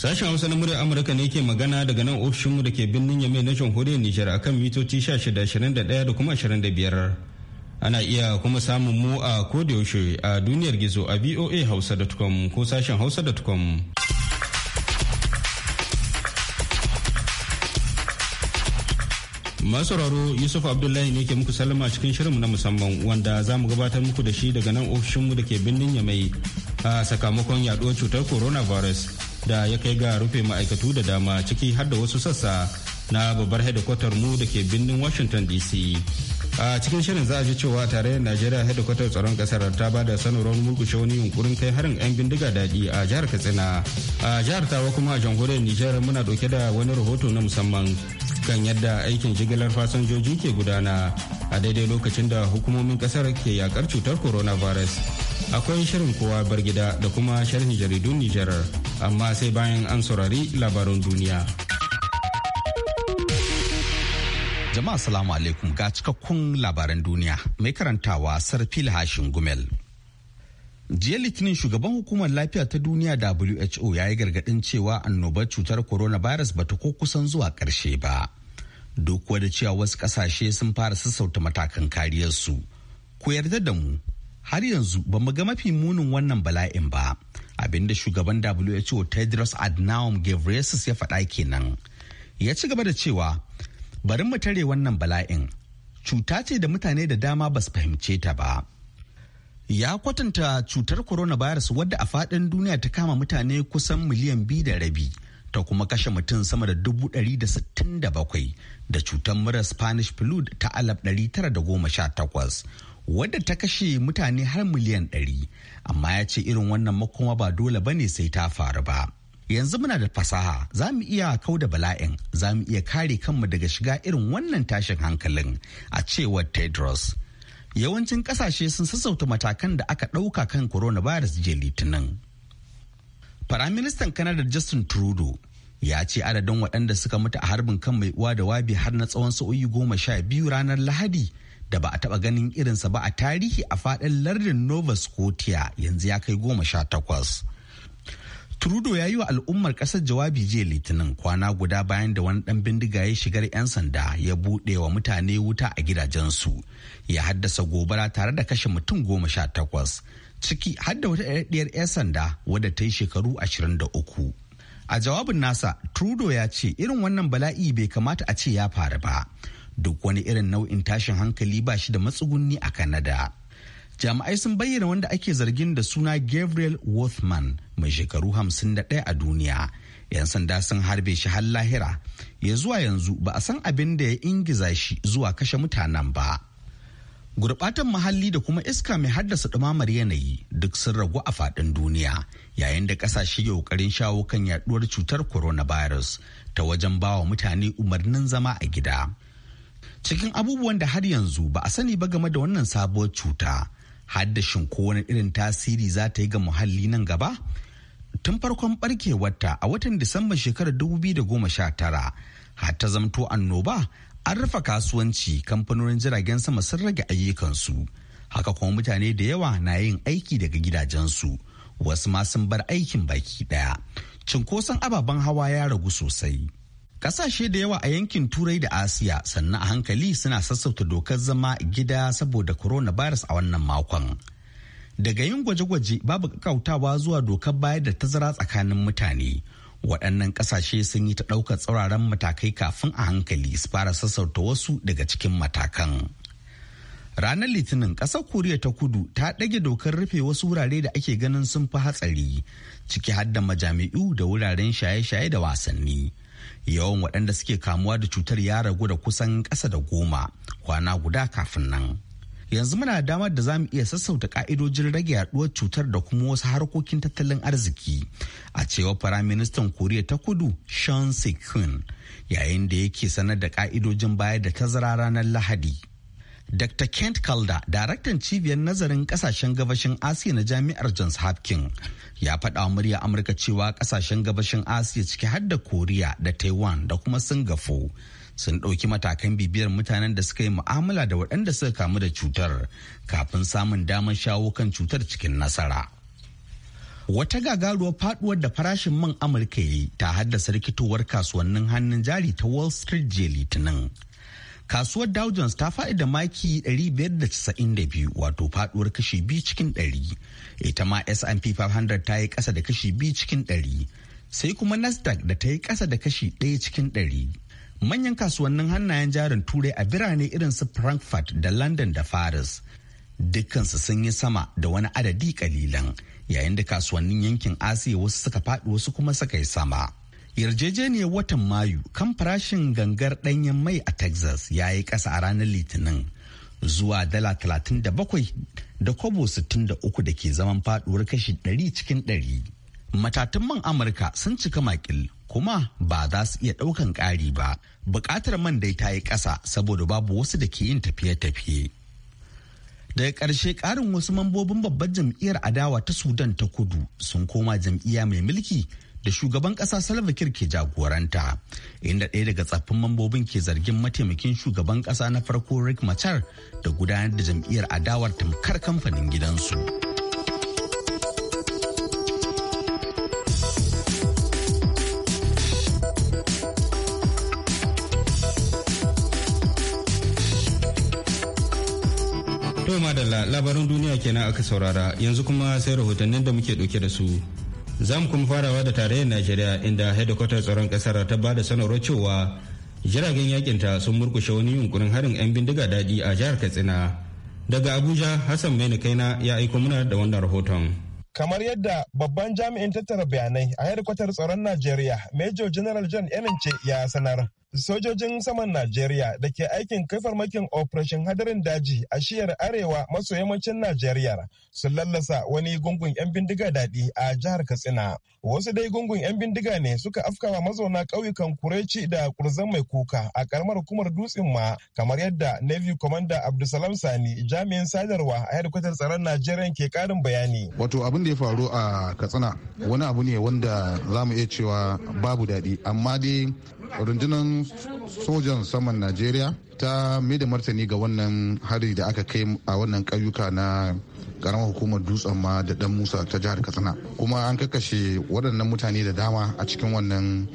Sashen Hausa na muryar Amurka ne ke magana daga nan ofishinmu da ke birnin Yame na jamhuriyar Nijar a kan mitoci 1621 da kuma biyar Ana iya kuma samun mu a kodayaushe a duniyar gizo a voa hausa.com ko sashen hausa da hausa.com. masauraro yusuf abdullahi ne ke muku salama cikin shirinmu na musamman wanda za mu gabatar muku da shi daga nan ofishinmu da ke birnin yamai a sakamakon yaduwar cutar coronavirus da ya kai ga rufe ma'aikatu da dama ciki har da wasu sassa na babbar hedikwatar mu da ke birnin washington dc a cikin shirin za a ji cewa da najeriya hedikwatar tsaron kasar ta ba da sanarwar murkushe wani yunkurin kai harin 'yan bindiga daɗi a jihar katsina a jihar tawa kuma a jamhuriyar nijar muna ɗauke da wani rahoto na musamman kan yadda aikin jigilar fasinjoji ke gudana a daidai lokacin da hukumomin kasar ke yakar cutar coronavirus akwai shirin kowa bar gida da kuma sharhin jaridun Nijar amma sai bayan an saurari labaran duniya. Jama'a salamu alaikum ga cikakkun labaran duniya mai karantawa sarfil hashin gumel. jiya litinin shugaban hukumar lafiya ta duniya who ya yi gargadin cewa annobar cutar coronavirus bata ko kusan zuwa karshe ba duk da cewa wasu kasashe sun fara sassauta matakan kariyarsu ku yarda da mu har yanzu ba mu ga mafi munin wannan bala'in ba abinda shugaban who tedros adnaum ghebreyesus ya faɗa kenan ya ci gaba da cewa bari mu tare wannan bala'in cuta ce da mutane da dama ba su fahimce ta ba ya kwatanta cutar coronavirus wadda a faɗin duniya ta kama mutane kusan miliyan biyu da rabi ta kuma kashe mutum sama da dubu ɗari da sittin da bakwai da cutar mura spanish flu ta alab ɗari tara da goma sha takwas wadda ta kashe mutane har miliyan ɗari amma ya ce irin wannan makoma ba dole ne sai ta faru ba yanzu muna da fasaha za mu iya kau da bala'in za mu iya kare kanmu daga shiga irin wannan tashin hankalin a cewar tedros yawancin kasashe sun sassauta matakan da aka ɗauka kan coronavirus jiya litinin firaministan Kanada justin trudeau ya ce adadin waɗanda suka mutu a harbin kan mai uwa da wabi har na tsawon sa'o'i goma sha biyu ranar lahadi da ba a taba ganin irinsa ba a tarihi a faɗin lardin Nova Scotia yanzu ya kai goma sha takwas. Trudeau ya yi wa al'ummar ƙasar jawabi jiya litinin kwana guda bayan da wani ɗan bindiga ya shigar 'yan sanda ya buɗe wa mutane wuta a gidajensu ya haddasa gobara tare da kashe mutum goma sha takwas ciki har da wata ɗaɗɗiyar 'yan sanda wadda ta yi shekaru ashirin da uku. A jawabin nasa Trudeau ya ce irin wannan bala'i bai kamata a ce ya faru ba. duk wani irin nau'in tashin hankali ba shi da matsugunni a Kanada. Jami'ai sun bayyana wanda ake zargin da suna Gabriel Wothman mai shekaru 51 a duniya. 'Yan sanda sun harbe shi har lahira. Ya zuwa yanzu ba a san abin da ya ingiza shi zuwa kashe mutanen ba. Gurbatan muhalli da kuma iska mai haddasa dumamar yanayi duk sun ragu a faɗin duniya yayin da ƙasashe ke ƙoƙarin shawo kan yaɗuwar cutar coronavirus ta wajen bawa mutane umarnin zama a gida. cikin abubuwan da har yanzu ba a sani ba game da wannan sabuwar cuta haddashin ko wani irin tasiri za ta yi ga muhalli nan gaba tun farkon barkewarta a watan disamba shekarar 2019 har ta zamto annoba an rufe kasuwanci kamfanonin jiragen sama sun rage ayyukansu haka kuma mutane da yawa na yin aiki daga gidajensu wasu ma sun bar aikin baki daya cinkoson ababen hawa ya ragu sosai Kasashe da yawa a yankin Turai da Asiya sannan a hankali suna sassauta dokar zama gida saboda coronavirus a wannan makon. Daga yin gwaje-gwaje babu kakautawa zuwa dokar bayar da tazara tsakanin mutane. Waɗannan ƙasashe sun yi ta ɗaukar tsauraran matakai kafin a hankali su fara sassauta wasu daga cikin matakan. Ranar Litinin ƙasar Koriya ta kudu ta ɗage dokar rufe wasu wurare da ake ganin sun fi hatsari, ciki har da majami'u da wuraren shaye-shaye da wasanni. yawan waɗanda suke kamuwa da cutar ya ragu da kusan ƙasa da goma kwana guda kafin nan yanzu muna da damar da za mu iya sassauta ka'idojin rage yaduwar cutar da kuma wasu harkokin tattalin arziki a cewar firaministan koriya ta kudu sean sekun yayin da yake sanar da ka'idojin bayar da tazara ranar lahadi Dr. Kent Calder, daraktan cibiyar nazarin kasashen gabashin Asiya na jami'ar Johns Hopkins, ya faɗa murya Amurka cewa kasashen gabashin Asiya ciki har da Koriya da Taiwan da kuma Singapore sun ɗauki matakan bibiyar mutanen da suka yi mu'amala da waɗanda suka kamu da cutar kafin samun damar shawo kan cutar cikin nasara. Wata gagaruwar faduwar da farashin man Amurka yi ta haddasa rikitowar kasuwannin hannun jari ta Wall Street je Litinin. kasuwar Dow Jones ta faɗi da maki 592 wato faduwar kashi biyu cikin ɗari. Ita ma S&P 500 ta yi ƙasa da kashi biyu cikin ɗari. Sai kuma Nasdaq da ta yi ƙasa da kashi ɗaya cikin ɗari. Manyan kasuwannin hannayen jarin turai a birane irin su Frankfurt da London da Paris. Dukkansu sun yi sama da wani adadi kalilan yayin da kasuwannin yankin Asiya wasu suka faɗi wasu kuma suka yi sama. yarjejeniyar watan mayu kan farashin gangar ɗanyen mai a texas ya yi ƙasa a ranar litinin zuwa dala 37 da kobo 63 da ke zaman faduwar kashi 100 cikin 100 matatun man amurka sun cika makil kuma ba za su iya ɗaukan ƙari ba buƙatar man dai ta yi ƙasa saboda babu wasu da ke yin tafiye-tafiye daga ƙarshe ƙarin wasu mambobin babbar jam'iyyar adawa ta sudan ta kudu sun koma jam'iyya mai mulki da shugaban kasa Salva Kiir ke jagoranta inda ɗaya daga tsaffin mambobin ke zargin mataimakin shugaban kasa na farko Rick Machar da gudanar da jam'iyyar adawar tamkar kamfanin gidansu. To madalla labarin duniya kenan aka saurara yanzu kuma sai rahotannin da muke dauke da su. za mu kuma farawa da tarayyar najeriya inda hedikwatar tsaron kasar ta ba da sanarwar cewa jiragen yakinta sun murkushe wani yunkurin harin 'yan bindiga daɗi a jihar katsina daga abuja hassan mai kaina ya aiko muna da wannan rahoton. kamar yadda babban jami'in tattara bayanai a hedikwatar tsaron najeriya major general john enince ya sanar sojojin saman Najeriya da ke aikin kai farmakin operation hadarin daji a shiyar arewa maso yammacin Najeriya sun lallasa wani gungun 'yan bindiga daɗi a jihar Katsina. Wasu dai gungun 'yan bindiga ne suka afkawa mazauna ƙauyukan Kureci da Kurzan Mai Kuka a ƙaramar hukumar Dutsen ma kamar yadda Navy Commander Abdulsalam Sani jami'in sadarwa a hedkwatar tsaron Najeriya ke ƙarin bayani. Wato abin da ya faru a Katsina wani abu ne wanda za mu iya cewa babu daɗi amma dai rundunar sojan saman najeriya ta mai da martani ga wannan hari da aka kai a wannan ƙauyuka na karamar hukumar dutsen ma da dan musa ta jihar katsina kuma an kakashe waɗannan mutane da dama a cikin wannan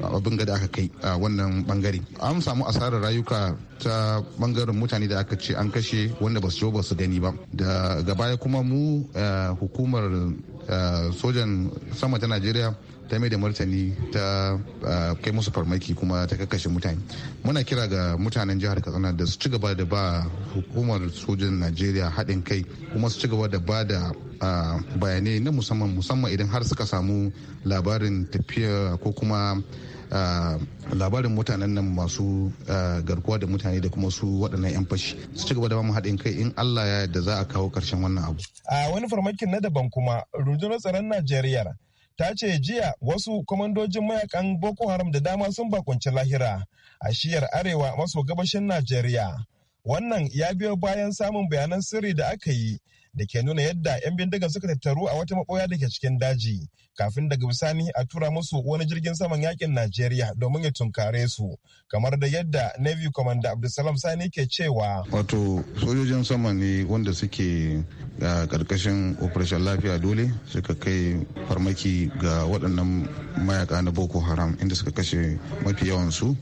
abin da aka kai a wannan bangare an samu asarar rayuka ta bangaren mutane da aka ce an kashe wanda ba su ba su gani ba da gabaya kuma mu hukumar sojan sama ta najeriya ta mai da martani ta kai musu farmaki kuma ta kakashe mutane muna kira ga mutanen jihar katsina da su ci gaba da ba hukumar sojin najeriya haɗin kai kuma su ci gaba da ba da bayanai na musamman musamman idan har suka samu labarin tafiya ko kuma labarin mutanen nan masu garkuwa da mutane da kuma su waɗannan 'yan fashi su ci gaba da mu haɗin kai in Allah ya da za a kawo ƙarshen wannan abu. A wani farmakin na daban kuma rundunar tsaron Najeriya ta ce jiya wasu kwamandojin mayakan boko haram da dama sun bakunci lahira a shiyar arewa maso gabashin najeriya wannan ya biyo bayan samun bayanan sirri da aka yi da ke nuna yadda 'yan bindigan suka tattaru a wata maboya da ke cikin daji kafin daga bisani a tura musu wani jirgin saman yakin najeriya domin ya tunkare su kamar da yadda navy commander abdulsalam sani ke cewa wato sojojin sama ne wanda suke a karkashin operation lafiya dole suka kai farmaki ga waɗannan mayaka na boko haram inda suka kashe mafi yawan su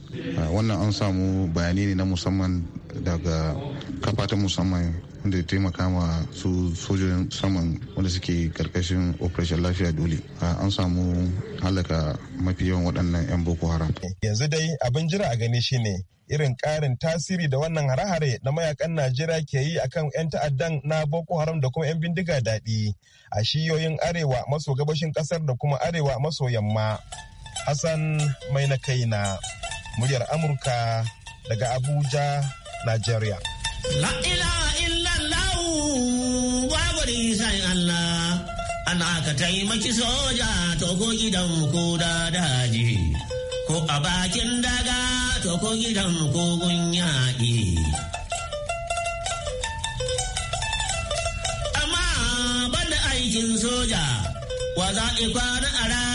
wannan an samu bayani ne na musamman daga kafa ta musamman wanda ya taimaka ma su sojojin saman wanda suke karkashin operation lafiya dole an samu halaka mafi yawan waɗannan 'yan boko haram yanzu dai abin jira a gani shine irin ƙarin tasiri da wannan hare-hare na mayakan Najeriya ke yi akan 'yan ta'addan na Boko Haram da kuma 'yan bindiga daɗi a shiyoyin arewa maso gabashin ƙasar da kuma arewa maso yamma. Hassan mai na kaina, muryar Amurka daga Abuja, Nigeria. La ilaha illallah babu nisan Allah ana ka taimaki soja to ko gidan ko da daji ko a bakin daga to ko gidan ko gun yaƙi. Amma banda aikin soja wa za a kwana a rana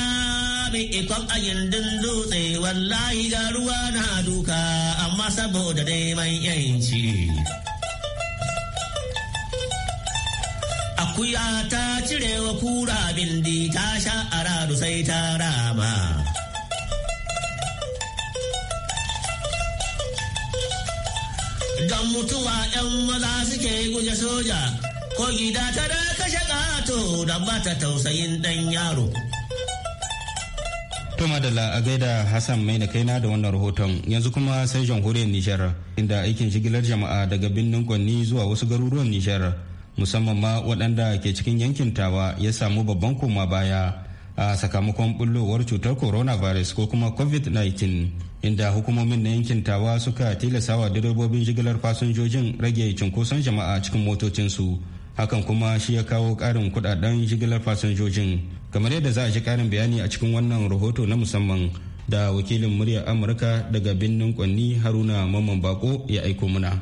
bi ikon ayin gindin dutse wallahi ga ruwa na duka amma saboda dai neman yanci. Akuya ta cire wa kura bindi ta sha aradu sai ta rama. Don mutuwa 'yan maza suke guje soja, ko gida ta da kashe gato da ba ta tausayin ɗan yaro. To madalla a gaida Hassan mai da kaina da wannan rahoton yanzu kuma sai jamhuriyar Nijar inda aikin jigilar jama'a daga birnin Gwanni zuwa wasu garuruwan Nijar musamman ma waɗanda ke cikin yankin tawa ya samu babban koma baya a sakamakon bullowar cutar coronavirus ko kuma covid-19 inda hukumomin na yankin tawa suka tilasawa direbobin jigilar fasinjojin rage cunkoson jama'a cikin motocinsu hakan kuma shi ya kawo ƙarin kudaden jigilar fasinjojin kamar yadda za a ji karin bayani a cikin wannan rahoto na musamman da wakilin muryar amurka daga birnin kwanni haruna mamman bako ya aiko muna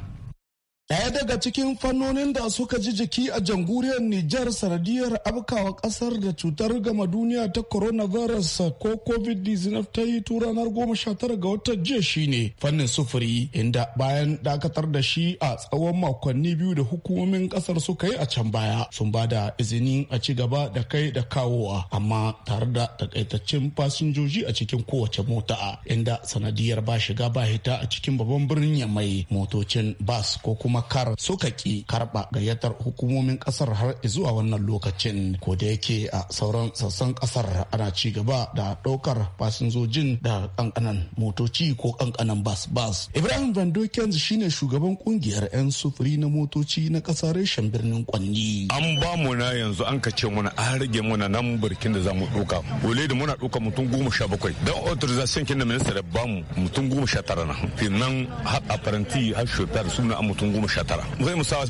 Daya daga cikin fannonin da suka ji jiki a jamhuriyar Nijar sanadiyar abkawa kasar da cutar gama duniya ta coronavirus ko COVID-19 ta yi ranar goma sha tara ga watan jiya shine fannin sufuri inda bayan dakatar da shi a tsawon makonni biyu da hukumomin kasar suka yi a can baya sun ba da izini a ci gaba da kai da kawowa amma tare da takaitaccen fasinjoji a cikin kowace mota inda sanadiyar ba shiga ba hita a cikin babban birnin yamai motocin bas ko kuma kar suka ki karɓa gayyatar hukumomin kasar har zuwa wannan lokacin ko da yake a sauran sassan kasar ana ci gaba da daukar fasinjojin da kankanan motoci ko kankanan bas bas ibrahim van shine shugaban kungiyar 'yan sufuri na motoci na kasar reshen birnin kwanni an ba mu na yanzu an ka ce muna an rage muna nan burkin da za mu ɗauka wale da muna ɗauka mutum goma sha bakwai don authorization kin da da bamu mutum goma sha tara na nan har aparanti har shofar suna mutum goma mu sha tara zai mu sawa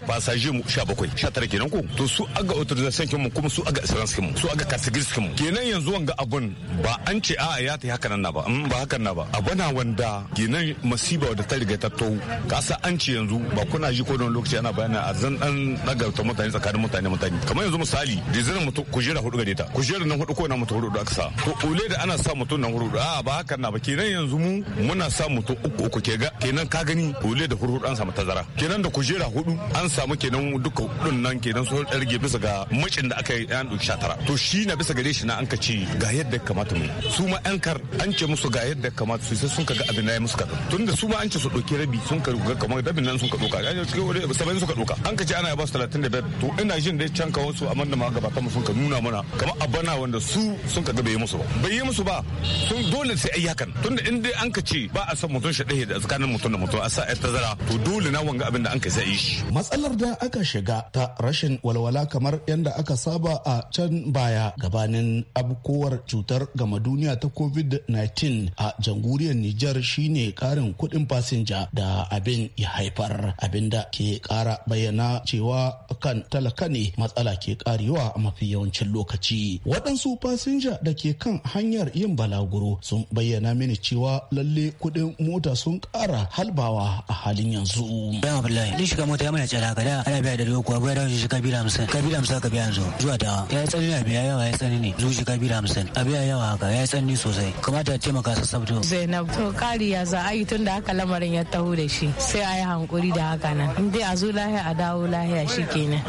mu sha bakwai sha tara kenan ko to su aga authorization kin mu kuma su aga assurance kin mu su aga categories kin mu kenan yanzu wanga abun ba an ce a ya ta haka nan na ba mm, ba haka na ba abana wanda kenan masiba da ta riga ta tau kasa an ce yanzu ba kuna ji ko don lokaci ana bayana a zan dan ta mutane tsakanin mutane mutane kamar yanzu misali dizirin mutum kujera hudu gare ta kujera nan hudu ko na mutum hudu aka sa to ole da ana sa mutum nan hudu a ba haka na ba kenan yanzu mu muna sa mutum uku uku ke ga kenan ka gani ole da hudu an samu tazara kenan da da kujera hudu an samu kenan duka hudun nan kenan sun rage bisa ga macin da aka yi an ɗauki shatara to shi na bisa gare shi na an ka ce ga yadda kamata mu su ma yan kar an ce musu ga yadda kamata su sai sun ka ga abin da ya musu kaɗan tun da su ma an ce su ɗauki rabi sun ka ga kamar dabin nan sun ka doka ya ce saba'in suka ɗauka an ka ce ana ba su 35 to ina jin dai can kawo su a da ma gaba mu sun ka nuna mana kamar abana wanda su sun ka ga bai yi musu ba bai yi musu ba sun dole sai ayi hakan tunda in dai an ka ba a san mutum shi ɗaya da tsakanin mutum da mutum a sa ta zara to dole na wanga abin da sai matsalar da aka shiga ta rashin walwala kamar yadda aka saba a can baya gabanin abkowar cutar gama duniya ta covid-19 a jamhuriyar Nijar shine karin kuɗin fasinja da abin ya haifar abinda ke kara bayyana cewa kan talaka ne matsala ke karewa a mafi yawancin lokaci waɗansu fasinja da ke kan hanyar yin balaguro sun bayyana mini cewa lalle kuɗin mota sun ƙara halbawa a halin yanzu. wallahi ni shiga mota ya mana tsala kada da ana biya da dogo abuwa da shi kabila hamsin kabila hamsin ka biya yanzu zuwa ta ya tsani a biya yawa ya tsani ne zuci kabila hamsin a biya yawa haka ya tsani sosai kamata ya taimaka sassabto. zainab to kari ya za a yi tun da haka lamarin ya taho da shi sai a yi hankuri da haka nan in dai a zo lahiya a dawo lahiya shi kenan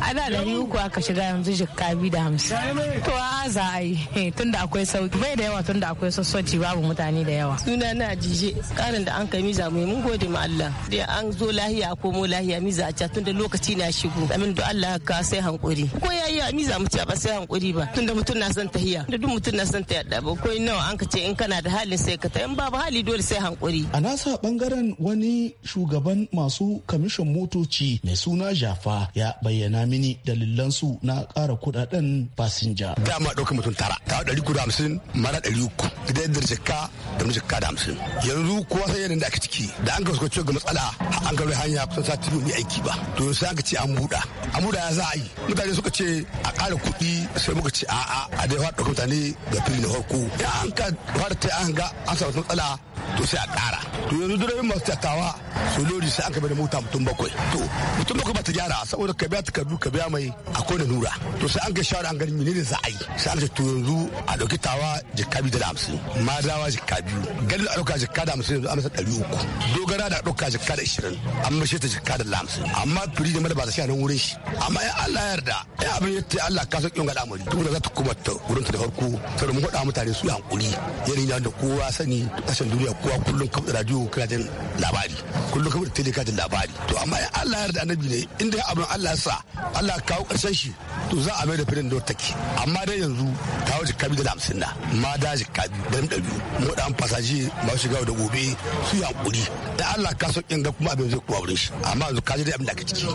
ana da ni uku aka shiga yanzu shiga biyu da hamsin to a za a yi tun da akwai sauki bai da yawa tun da akwai sassauci babu mutane da yawa. suna na jije karin da an kai miza mai mun gode ma Allah dai an zo lahiya a komo lahiya miza a ca da lokaci na shigo amin da Allah ka sai hankuri ko yayi a miza mu ci ba sai hankuri ba tun da mutum na son tahiya da duk mutum na son tahiya da ba ko nawa an ka ce in kana da halin sai ka ta in babu hali dole sai hankuri a nasa bangaren wani shugaban masu kamishin motoci mai suna Jafa ya bayyana mini dalilan su na ƙara kudaden fasinja dama dauka mutum tara ta dari kuda hamsin mara dari uku da jikka da jikka da hamsin yanzu kuwa sai yanayin ake aka ciki da an ka suka ce ga matsala an ka hanya ya kusan sati biyu aiki ba to sai aka ce an buɗa an buɗa ya za a yi mutane suka ce a ƙara kuɗi sai muka ce a a da ya faɗa mutane ga fili na farko da an ka fara ta an ga an samu matsala to sai a ƙara to yanzu direbin masu tattawa su lori sai aka bada mota mutum bakwai to mutum bakwai ba ta gyara saboda ka biya takardu ka biya mai a kone nura to sai an ga shawara an gani menene za a yi sai an ce to yanzu a ɗauki tawa jikka biyu da hamsin madawa jikka biyu ganin a ɗauka jikka da hamsin yanzu an masa ɗari uku dogara da ɗauka jikka da ishirin an mashe ta jikka da hamsin amma firi da madaba ta shi a nan wurin shi amma in Allah yarda ya abin yadda Allah ka sauƙin ga al'amari duk da za ta kuma ta wurin ta da farko sai mu faɗa mutane su hankuri yanayi da kowa sani ƙasashen duniya da kowa kullum kam da radio kana jin labari kullum kam da tele kana jin labari to amma in Allah ya yarda annabi ne inda abin Allah ya sa Allah ya kawo karshen shi to za a mai da firin da take amma dai yanzu ta wuce kabi da hamsin na ma da kabi da da biyu mu da fasaji ma shiga da gobe su yi hakuri da Allah ka so kin ga kuma abin zai kuwa wurin shi amma yanzu ka ji dai abin da ka ciki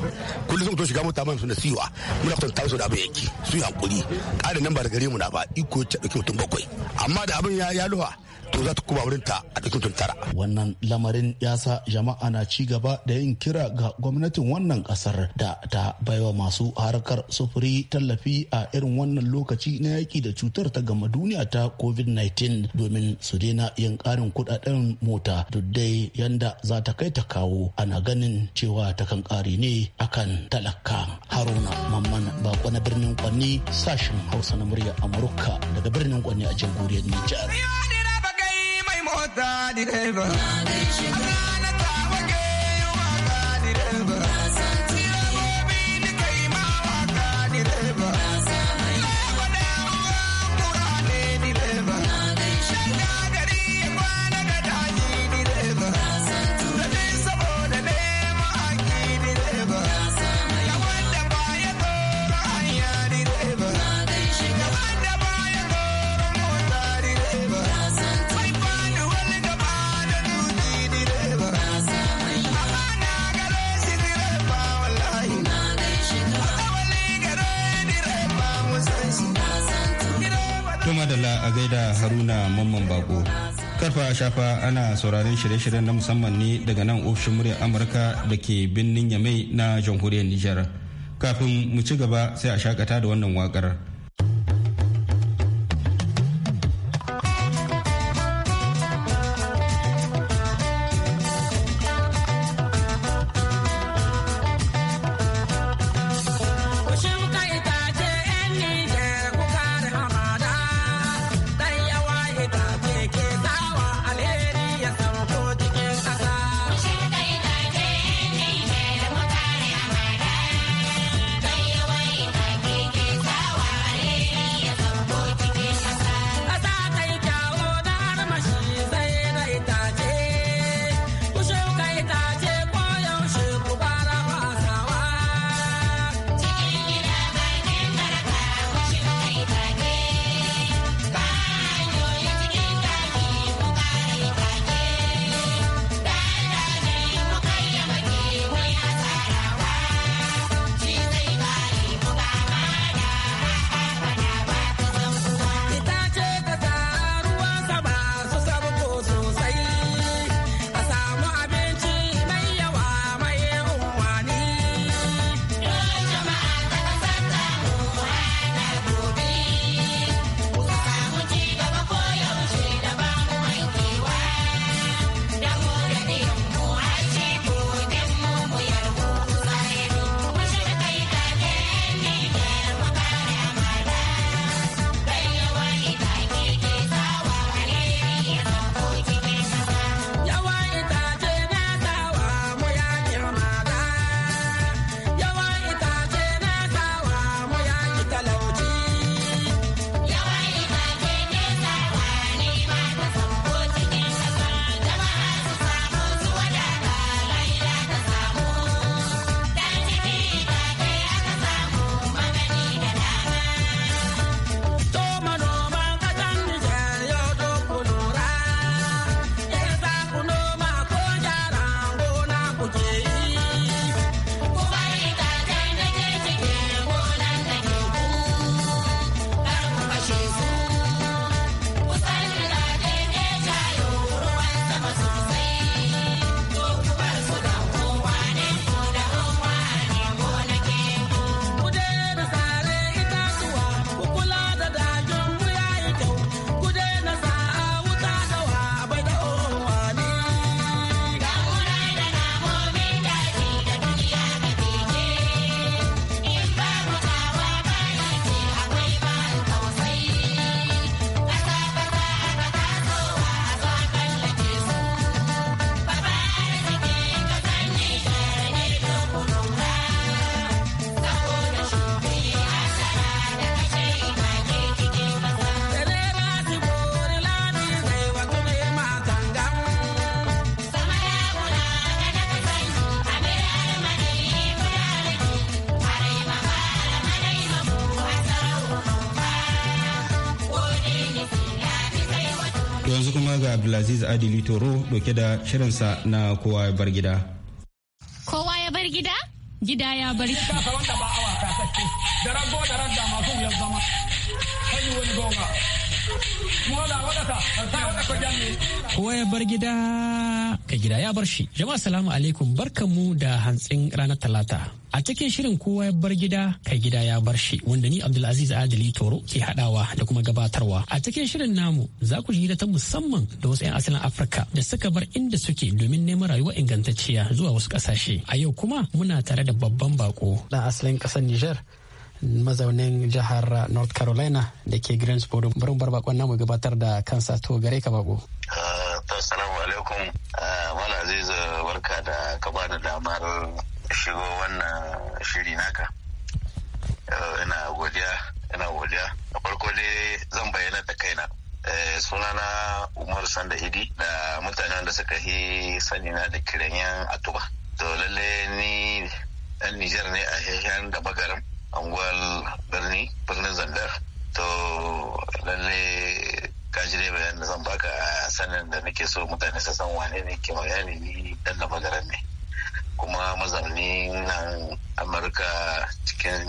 kullum sun to shiga mota mai suna siwa muna ta musu da abin yake su yi hakuri ƙarin nan ba da gare mu na ba iko ta dauki mutum bakwai amma da abin ya luha to za ta kuma wurin ta a cikin tuntara. Wannan lamarin ya sa jama'a na ci gaba da yin kira ga gwamnatin wannan kasar da ta baiwa masu harkar sufuri tallafi a irin wannan lokaci na yaki da cutar ta gama duniya ta COVID-19 domin su daina yin ƙarin kuɗaɗen mota duk dai yanda za ta kai ta kawo ana ganin cewa ta kan ƙari ne akan talaka. Haruna Mamman Bako na birnin Kwanni sashen Hausa na murya Amurka daga birnin Kwanni a jamhuriyar Nijar. da di ba. madalla a gaida haruna mamman bako karfa shafa ana sauraron shirye-shiryen na musamman ne daga nan ofishin muryar amurka da ke birnin yamai na jamhuriyar nijar kafin mu ci gaba sai a shakata da wannan wakar. adili toro doke da shirinsa na kowa ya bar gida kowa ya bar gida gida ya bar gida wanda ba awa da rago da masu yanzu zama hanyoyin gonga ko ya bar gida ka gida ya bar shi. Jama'a salamu alaikum barkamu da hantsin ranar talata. A cikin shirin kowa ya bar gida kai gida ya bar shi wanda ni Abdulaziz Adili Toro ke hadawa da kuma gabatarwa. A cikin shirin namu za ku ji ta musamman da wasu 'yan asalin Afirka da suka bar inda suke domin neman rayuwa ingantacciya zuwa wasu ƙasashe A yau kuma muna tare da babban baƙo. Dan asalin ƙasar Nijar mazaunin jihar north carolina da ke greensboro barin bar bakon namu gabatar da kansa to gare ka bako ah, assalamu alaikum wala ah, zai barka da ka ba da damar shigo wannan shiri naka eh, ina godiya ina godiya a farko dai zan bayyana da kaina eh, sunana umar sanda idi da mutanen da suka yi sanina da yan atuba to lalle ni dan nijar ne a hehen da garin angwal birni birnin zandar to lalle kaji dai da zan baka a sanin da nake so mutane su san wane ne ke bayani ni dan da madaran ne kuma mazaunin nan amurka cikin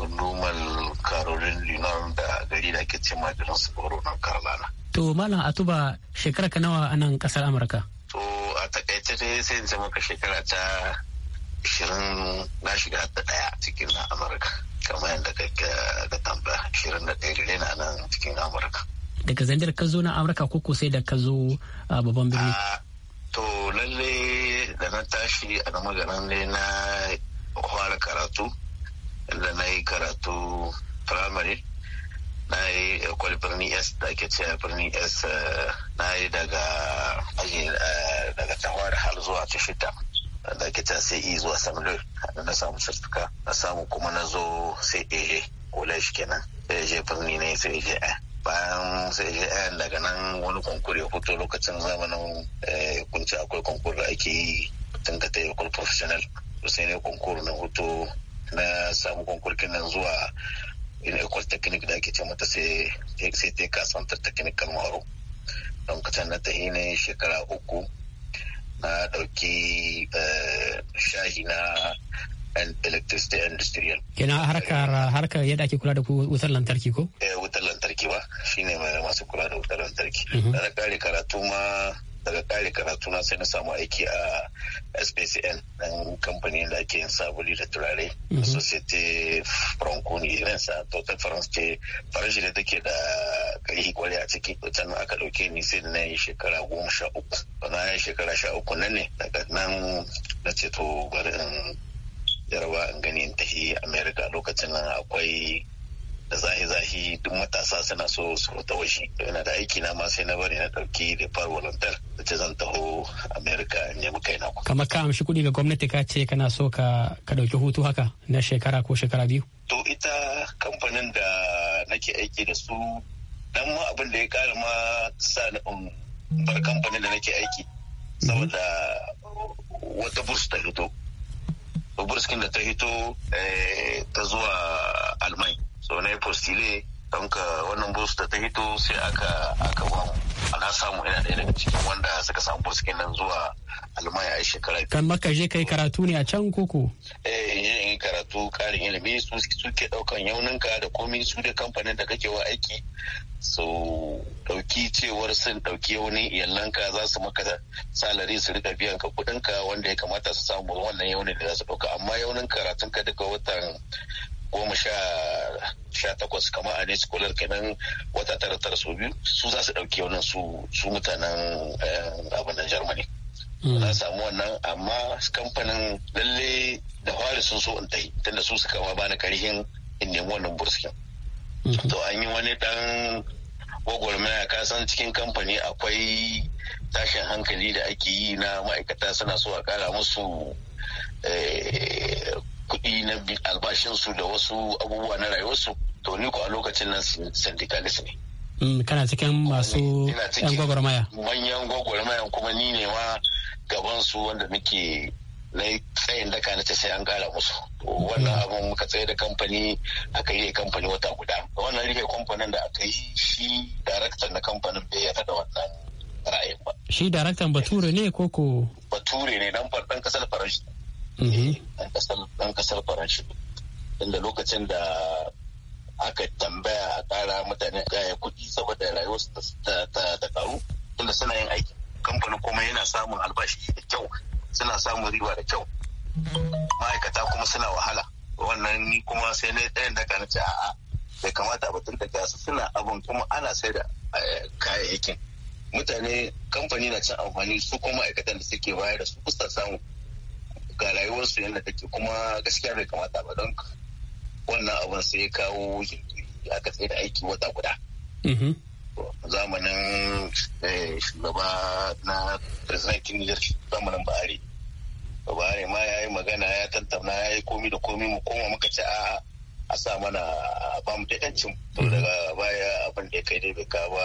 gundumar karolin linar da gari da ke ce majalin sauro na karlana to malam atuba shekara ka nawa a nan kasar amurka to a takaice dai sai in ce maka shekara ta shirin na shiga da daya cikin na amurka kamar yadda ka tambaya shirin da ɗaya ne na nan cikin amurka daga zandar ka zo na amurka ko sai da ka zo a babban birni to lalle da na tashi a na maganin ne na fara karatu da na yi karatu firamare na yi kwal birni s da ke ce birni s eh, na yi daga eh, daga har zuwa ta kita sai i e zuwa da na samu sartuka na samu kuma na zo sai eje college kenan sai je birni ne sai je bayan sai je daga nan wani konkur ya fito lokacin zamanin eh, kunci akwai konkur da ake yi tun da ta yi professional sai ne konkur na hoto na samu konkurkin nan zuwa ina ecole technique da ake ce mata sai sai ta kasantar technical maro don kacan na ta ne shekara uku na ɗauki eh, shahi na electricity industrial. Kina harkar harkar yadda ake kula da wutar lantarki ko? Eh wutar lantarki ba shine mai masu kula da wutar lantarki. Mhm. Daga na kare karatu ma daga kare karatu na sai na samu aiki a SPCN dan kamfani da ake yin sabuli da turare. Mhm. Societe Franconi Rensa Total France ce farashi da take da kai kwarai a ciki. Can aka dauke ni sai na yi shekara goma sha uku. shekara sha uku nan ne daga nan na ce to bari in yarwa in gani in tafi america lokacin nan akwai da zahi-zahi duk matasa suna so su fita washi yana da aiki na ma sai na bari na dauki da far volunteer da ce zan taho america in nemi kai ku kamar ka amshi kuɗi ga gwamnati ka ce kana so ka ka ɗauki hutu haka na shekara ko shekara biyu to ita kamfanin da nake aiki da su dan ma abin da ya kara ma sa bar kamfanin da nake aiki saboda mhm. wata burs ta hito burskin da ta hito eh, ta zuwa almai so na yi postile don ka wannan burs da ta hito sai aka aka a ana samu yana daya daga cikin wanda suka samu burskin nan zuwa almai a shekara kan maka je kai karatu ne a can koko eh in karatu karin ilimi su suke daukan yauninka da komi su da kamfanin da kake wa aiki so Ki cewar sun ɗauki yaunin yallanka za su maka salari su rika biyan ka kuɗin ka wanda ya kamata su samu wannan yauni da za su ɗauka amma yaunin karatun ka daga watan goma sha sha takwas kamar a ne skolar kenan wata tara tara su biyu su za su ɗauki yaunin su su mutanen eh, abin nan germany na hmm. samu wannan amma kamfanin lalle da fari sun so in tafi tunda su suka ma bani karihin in nemi wannan burskin hmm. to an yi wani dan gwagwarmaya ka san cikin kamfani akwai tashin hankali da ake yi na ma'aikata suna so a kara musu eh, kuɗi na albashinsu da wasu abubuwa na rayuwarsu to ni ko a lokacin nan syndicalist ne mm, kana cikin masu yan gwagwarmaya manyan gwagwarmaya kuma ni ne ma gaban su wanda muke na yi tsayin daka na ta sai an gara musu wannan abin muka tsaye da kamfani aka yi kamfani wata guda wannan rike kamfanin da aka yi shi daraktan na kamfanin bai yarda da wannan ra'ayin ba shi daraktan bature ne ko ko bature ne dan dan kasar faranshi mm-hmm. eh, dan kasar dan kasar faranshi inda lokacin da aka tambaya a kara mutane gaya kuɗi saboda rayuwarsu ta karu tunda suna yin aiki kamfanin kuma yana samun albashi da kyau suna samun riba da kyau ma'aikata kuma suna wahala wannan ni kuma sai na ɗayan da ka ce a'a bai kamata ba tun da gasu suna abin kuma ana sai da eh, kayayyakin mutane kamfani na cin amfani su kuma ma'aikatan da suke bayar da su kusa samu ga rayuwarsu yadda take kuma gaskiya bai kamata ba don wannan abin sai ya kawo jinkiri aka sai da aiki wata guda mm-hmm. zamanin eh, shugaba na presidentin niger zamanin bahari bahari ma ya yi magana ya tantauna ya yi komi da komi mu koma muka ce a a sa mana bam da yancin to daga baya abin da ya kai dai bai ba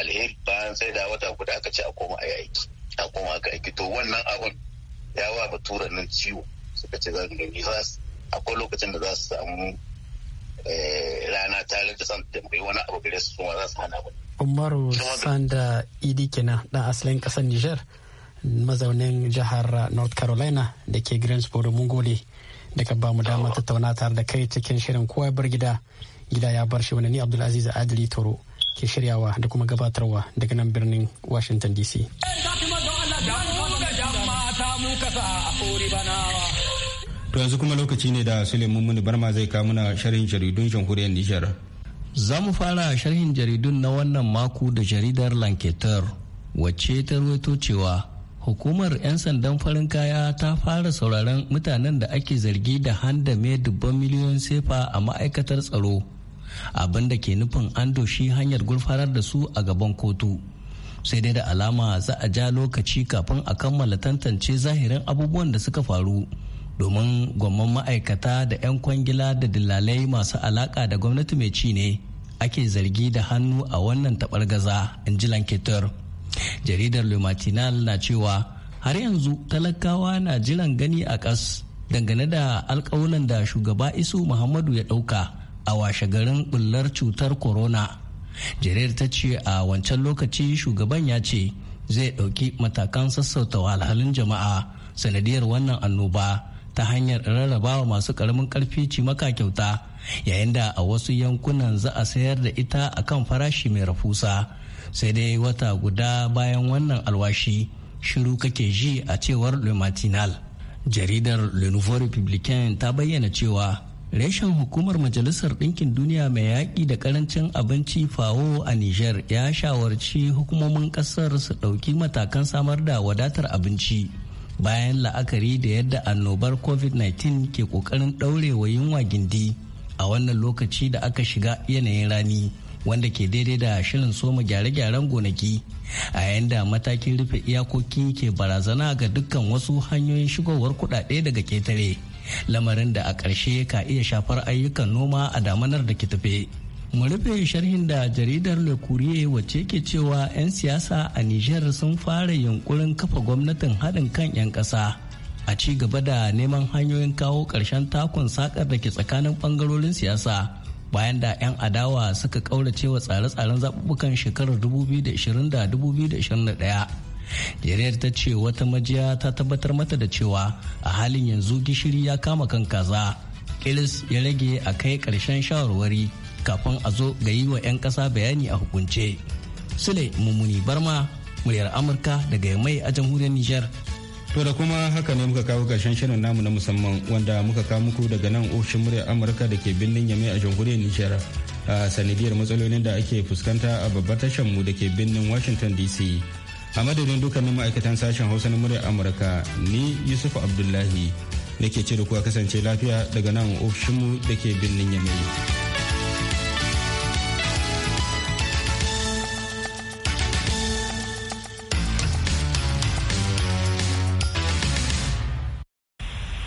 alheri bayan sai da wata guda aka ce a koma a yi aiki a koma aka aiki to wannan abin ya wa baturan nan ciwo suka ce za su akwai lokacin da za su samu Eh, rana ta rage son tambayi wani abu gare su kuma za su hana ba. Umaru Sanda Idi kenan dan asalin kasar Nijar mazaunin jihar North Carolina da ke Greensboro mun gode da ka ba mu dama tattauna tare da kai cikin shirin kowa bar gida gida ya bar shi wani ni Abdulaziz Adili Toro ke shiryawa da kuma gabatarwa daga nan birnin Washington DC. Mata mu kasa a bana. To yanzu kuma lokaci ne da Suleiman Muni Barma zai kawo muna sharhin jaridun jamhuriyar Nijar. Za mu fara sharhin jaridun na wannan mako da jaridar Lanketer wacce ta ruwaito cewa hukumar 'yan sandan farin kaya ta fara sauraron mutanen da ake zargi da handame dubban miliyoyin sefa a ma'aikatar tsaro abin da ke nufin an doshi hanyar gurfarar da su a gaban kotu sai dai da alama za a ja lokaci kafin a kammala tantance zahirin abubuwan da suka faru domin gwamman ma'aikata da 'yan kwangila da dillalai masu alaka da gwamnati mai ci ne ake zargi da hannu a wannan gaza in ji jaridar le na cewa har yanzu talakawa na jiran gani a kas dangane da alkawunan da shugaba isu muhammadu ya dauka a washe garin bullar cutar corona jaridar ta ce a wancan lokaci shugaban ya ce zai ɗauki matakan sassauta wahalhalun jama'a sanadiyar wannan annoba ta hanyar rarrabawa masu karamin karfi maka kyauta yayin da a wasu yankunan za a sayar da ita a kan farashi mai rafusa sai dai wata guda bayan wannan alwashi shiru kake ji a cewar le matinal jaridar le nouveau republicain ta bayyana cewa reshen hukumar majalisar ɗinkin duniya mai yaƙi da ƙarancin abinci fawo a niger ya shawarci hukumomin ƙasar su ɗauki matakan samar da wadatar abinci bayan la'akari da yadda annobar covid-19 ke kokarin ɗaurewa yunwa gindi a wannan lokaci da aka shiga yanayin rani wanda ke daidai da shirin soma gyare-gyaren gonaki a yayin da matakin rufe iyakoki ke barazana ga dukkan wasu hanyoyin shigowar kuɗaɗe daga ketare lamarin da a ƙarshe ka iya shafar ayyukan noma a damanar da ke tafe. mu rufe sharhin da jaridar le courrier wacce ke cewa 'yan siyasa a niger sun fara yunkurin kafa gwamnatin haɗin kan 'yan ƙasa a ci gaba da neman hanyoyin kawo ƙarshen takun sakar da ke tsakanin ɓangarorin siyasa bayan da 'yan adawa suka ƙaurace wa tsare-tsaren zaɓuɓɓukan shekarar 2020 da 2021 jaridar ta ce wata majiya ta tabbatar mata da cewa a halin yanzu gishiri ya kama kan kaza Ilis ya rage a kai ƙarshen shawarwari kafin a zo ga yi wa 'yan kasa bayani a hukunce. Sule Mummuni Barma, muryar Amurka daga Yamai a jamhuriyar Nijar. To da kuma haka ne muka kawo ƙarshen shirin namu na musamman wanda muka kawo muku daga nan ofishin muryar Amurka da ke birnin Yamai a jamhuriyar Nijar. A sanadiyar matsalolin da ake fuskanta a babbar tashar mu da ke birnin Washington DC. A madadin dukkanin ma'aikatan sashen Hausa na muryar Amurka ni Yusuf Abdullahi nake ce da kuwa kasance lafiya daga nan ofishinmu da ke birnin Yamai.